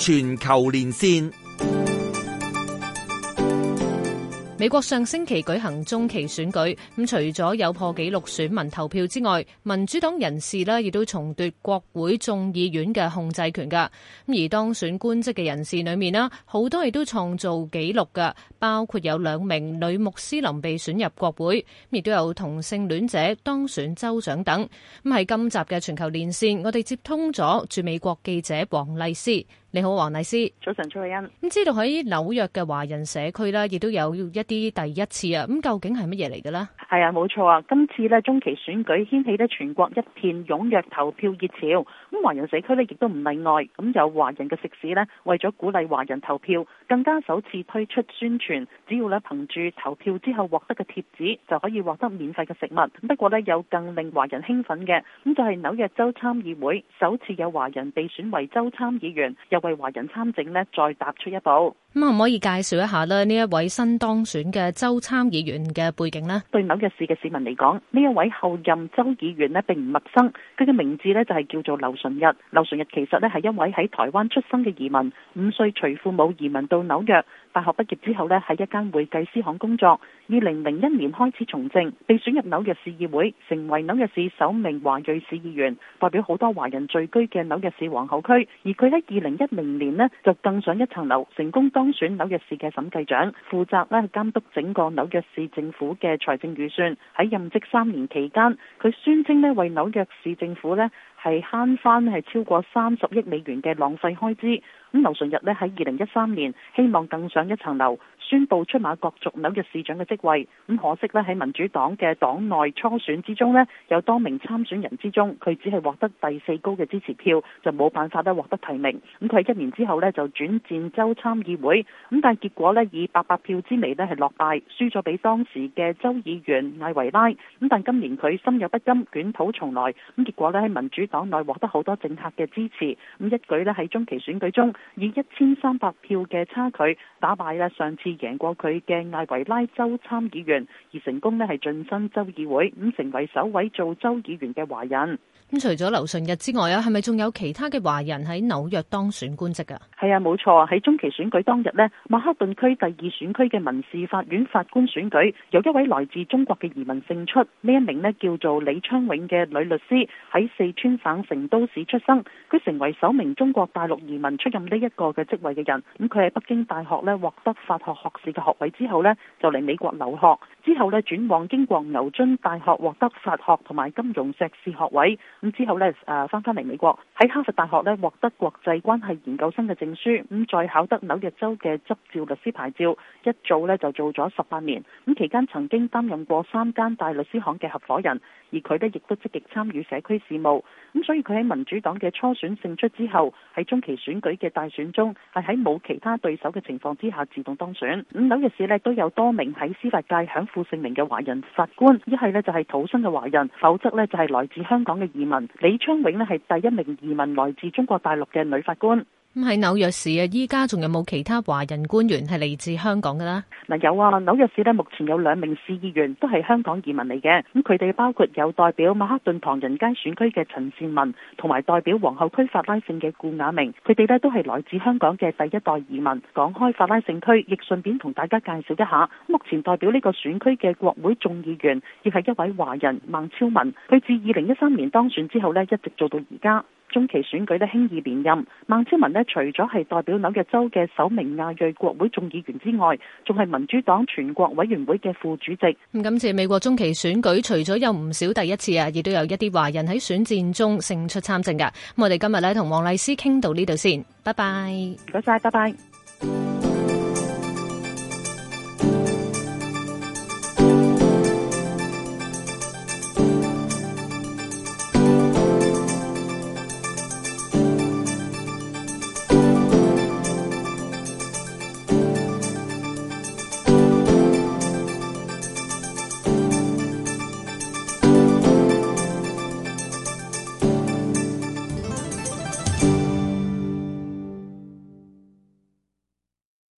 全球連線，美國上星期舉行中期選舉，咁除咗有破紀錄選民投票之外，民主黨人士呢亦都重奪國會眾議院嘅控制權。噶咁而當選官職嘅人士裏面啦，好多亦都創造紀錄嘅，包括有兩名女穆斯林被選入國會，亦都有同性戀者當選州長等。咁喺今集嘅全球連線，我哋接通咗駐美國記者黃麗施。你好，黃麗施，早晨，蔚恩。咁知道喺紐約嘅華人社區呢，亦都有一啲第一次啊。咁究竟係乜嘢嚟嘅呢？係啊，冇錯啊！今次呢，中期選舉掀起咗全國一片踴躍投票熱潮，咁華人社區呢，亦都唔例外。咁有華人嘅食肆呢，為咗鼓勵華人投票，更加首次推出宣傳，只要呢，憑住投票之後獲得嘅貼紙，就可以獲得免費嘅食物。不過呢，有更令華人興奮嘅，咁就係、是、紐約州參議會首次有華人被選為州參議員，為華人參政呢，再踏出一步。咁可唔可以介紹一下咧，呢一位新當選嘅州參議員嘅背景呢？對紐約市嘅市民嚟講，呢一位後任州議員呢，並唔陌生。佢嘅名字呢就係叫做劉醇逸。劉醇逸其實呢係一位喺台灣出生嘅移民，五歲隨父母移民到紐約。大學畢業之後呢，喺一間會計師行工作。二零零一年開始從政，被選入紐約市議會，成為紐約市首名華裔市議員。代表好多華人聚居嘅紐約市皇后區。而佢喺二零一零年呢，就更上一層樓，成功當選紐約市嘅審計長，負責呢監督整個紐約市政府嘅財政預算。喺任職三年期間，佢宣稱呢為紐約市政府呢。係慳翻係超過三十億美元嘅浪費開支，咁牛頓日呢喺二零一三年希望更上一層樓，宣佈出馬角逐紐約市長嘅職位，咁可惜呢，喺民主黨嘅黨內初選之中呢，有多名參選人之中，佢只係獲得第四高嘅支持票，就冇辦法咧獲得提名，咁佢喺一年之後呢，就轉戰州參議會，咁但係結果呢，以八百票之微呢，係落敗，輸咗俾當時嘅州議員艾維拉，咁但今年佢心有不甘，捲土重來，咁結果呢，喺民主黨內獲得好多政客嘅支持，咁一舉咧喺中期選舉中以一千三百票嘅差距打敗上次贏過佢嘅艾維拉州參議員，而成功咧係晉身州議會，咁成為首位做州議員嘅華人。咁除咗劉醇逸之外啊，係咪仲有其他嘅華人喺紐約當選官職啊？係啊，冇錯，喺中期選舉當日呢，曼哈頓區第二選區嘅民事法院法官選舉，有一位來自中國嘅移民勝出，呢一名叫做李昌永嘅女律師喺四川省成都市出生，佢成為首名中國大陸移民出任呢一個嘅職位嘅人。咁佢喺北京大學咧獲得法學學士嘅學位之後咧，就嚟美國留學，之後咧轉往英國牛津大學獲得法學同埋金融碩士學位。咁之後咧誒翻翻嚟美國喺哈佛大學咧獲得國際關係研究生嘅證書。咁再考得紐約州嘅執照律師牌照，一做咧就做咗十八年。咁期間曾經擔任過三間大律師行嘅合夥人，而佢咧亦都積極參與社區事務。咁所以佢喺民主黨嘅初選勝出之後，喺中期選舉嘅大選中，係喺冇其他對手嘅情況之下自動當選。紐約市咧都有多名喺司法界享負盛名嘅華人法官，一係咧就係土生嘅華人，否則咧就係來自香港嘅移民。李昌永咧係第一名移民來自中國大陸嘅女法官。咁喺紐約市啊，依家仲有冇其他華人官員係嚟自香港㗎啦？嗱，有啊，紐約市呢目前有兩名市議員都係香港移民嚟嘅。咁佢哋包括有代表曼克頓唐人街選區嘅陳倩雯，同埋代表皇后區法拉盛嘅顧雅明。佢哋呢都係來自香港嘅第一代移民。講開法拉盛區，亦順便同大家介紹一下，目前代表呢個選區嘅國會眾議員亦係一位華人孟昭文。佢自二零一三年當選之後呢，一直做到而家。中期選舉的輕易連任，孟超文除咗係代表紐約州嘅首名亞裔國會眾議員之外，仲係民主黨全國委員會的副主席。咁今次美國中期選舉，除咗有唔少第一次啊，亦都有一啲華人喺選戰中勝出參政嘅。咁我哋今日咧，同黃麗施傾到呢度先，拜拜。唔該晒，拜拜。